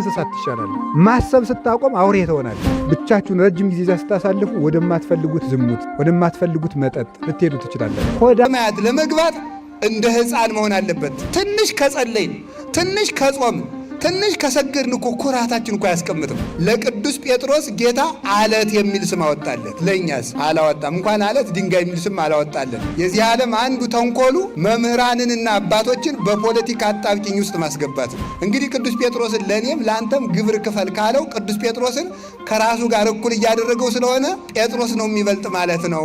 እንስሳት ትሻላለ። ማሰብ ስታቆም አውሬ ትሆናል። ብቻችሁን ረጅም ጊዜ እዛ ስታሳልፉ ወደማትፈልጉት ዝሙት፣ ወደማትፈልጉት መጠጥ ልትሄዱ ትችላለን። ሆዳ ማያት ለመግባት እንደ ሕፃን መሆን አለበት። ትንሽ ከጸለይን፣ ትንሽ ከጾምን ትንሽ ከሰገድን እኮ ኩራታችን እኮ አያስቀምጥም። ለቅዱስ ጴጥሮስ ጌታ አለት የሚል ስም አወጣለት። ለእኛስ አላወጣም። እንኳን አለት ድንጋይ የሚል ስም አላወጣለን። የዚህ ዓለም አንዱ ተንኮሉ መምህራንንና አባቶችን በፖለቲካ አጣብቂኝ ውስጥ ማስገባት ነው። እንግዲህ ቅዱስ ጴጥሮስን ለእኔም ለአንተም ግብር ክፈል ካለው ቅዱስ ጴጥሮስን ከራሱ ጋር እኩል እያደረገው ስለሆነ ጴጥሮስ ነው የሚበልጥ ማለት ነው።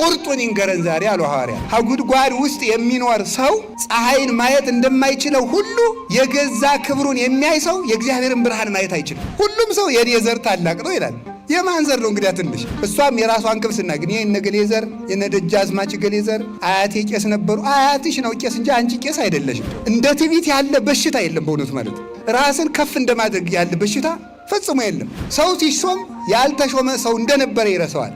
ቁርጡን ይንገረን ዛሬ አሉ ሐዋርያ። ከጉድጓድ ውስጥ የሚኖር ሰው ፀሐይን ማየት እንደማይችለው ሁሉ የገዛ ክብሩን የሚያይ ሰው የእግዚአብሔርን ብርሃን ማየት አይችልም። ሁሉም ሰው የእኔ ዘር ታላቅ ነው ይላል። የማን ዘር ነው እንግዲያ ትንሽ? እሷም የራሷን ቅብስና ግን የነ ገሌ ዘር የነ ደጃዝማች ገሌ ዘር አያቴ ቄስ ነበሩ። አያትሽ ነው ቄስ እንጂ አንቺ ቄስ አይደለሽም። እንደ ትዕቢት ያለ በሽታ የለም። በእውነቱ ማለት ራስን ከፍ እንደማድረግ ያለ በሽታ ፈጽሞ የለም። ሰው ሲሾም ያልተሾመ ሰው እንደነበረ ይረሳዋል።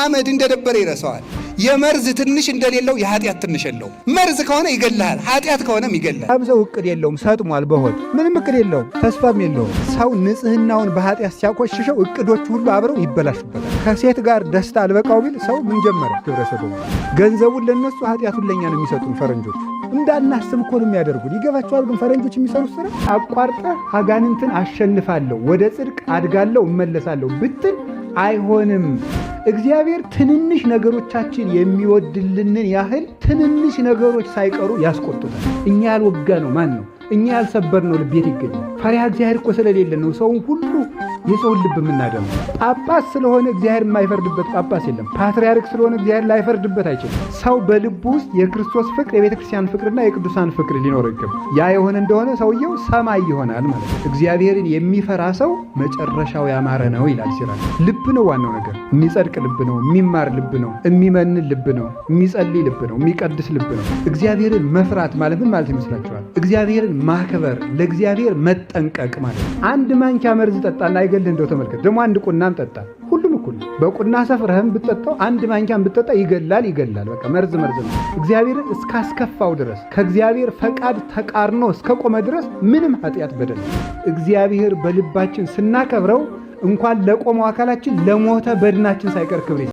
አመድ እንደነበረ ይረሳዋል። የመርዝ ትንሽ እንደሌለው የኃጢአት ትንሽ የለውም። መርዝ ከሆነ ይገላል፣ ኃጢአት ከሆነም ይገላል። በጣም እቅድ የለውም፣ ሰጥሟል። በሆድ ምንም እቅድ የለውም፣ ተስፋም የለውም። ሰው ንጽህናውን በኃጢአት ሲያቆሽሸው እቅዶች ሁሉ አብረው ይበላሹበታል። ከሴት ጋር ደስታ አልበቃው ቢል ሰው ምን ጀመረ? ግብረ ሰዶም። ገንዘቡን ለነሱ ኃጢአቱን ለእኛ ነው የሚሰጡን ፈረንጆች። እንዳናስብ እኮ ነው የሚያደርጉን። ይገባቸዋል። ግን ፈረንጆች የሚሰሩት ስራ አቋርጠ አጋንንትን አሸንፋለሁ፣ ወደ ጽድቅ አድጋለሁ፣ እመለሳለሁ ብትል አይሆንም። እግዚአብሔር ትንንሽ ነገሮቻችን የሚወድልንን ያህል ትንንሽ ነገሮች ሳይቀሩ ያስቆጡታል። እኛ ያልወጋ ነው ማን ነው? እኛ ያልሰበርነው ልብ የት ይገኛል? ፈሪሃ እግዚአብሔር እኮ ስለሌለ ነው ሰውን ሁሉ የሰውን ልብ የምናደሙ። ጳጳስ ስለሆነ እግዚአብሔር የማይፈርድበት ጳጳስ የለም። ፓትርያርክ ስለሆነ እግዚአብሔር ላይፈርድበት አይችልም። ሰው በልቡ ውስጥ የክርስቶስ ፍቅር፣ የቤተ ክርስቲያን ፍቅርና የቅዱሳን ፍቅር ሊኖር ይገባል። ያ የሆነ እንደሆነ ሰውየው ሰማይ ይሆናል ማለት ነው። እግዚአብሔርን የሚፈራ ሰው መጨረሻው ያማረ ነው ይላል ሲራክ። ልብ ነው ዋናው ነገር። የሚጸድቅ ልብ ነው፣ የሚማር ልብ ነው፣ የሚመንን ልብ ነው፣ የሚጸልይ ልብ ነው፣ የሚቀድስ ልብ ነው። እግዚአብሔርን መፍራት ማለት ምን ማለት ይመስላችኋል? እግዚአብሔርን ማክበር ለእግዚአብሔር መጠንቀቅ ማለት ነው። አንድ ማንኪያ መርዝ ጠጣና አይገልህ እንደው ተመልከት። ደግሞ አንድ ቁናም ጠጣ። ሁሉም እኩል በቁና ሰፍረህም ብትጠጣው አንድ ማንኪያም ብትጠጣ ይገላል ይገላል። በቃ መርዝ መርዝ ነው። እግዚአብሔርን እስካስከፋው ድረስ ከእግዚአብሔር ፈቃድ ተቃርኖ እስከቆመ ድረስ ምንም ኃጢአት በደል እግዚአብሔር በልባችን ስናከብረው እንኳን ለቆመው አካላችን ለሞተ በድናችን ሳይቀር ክብር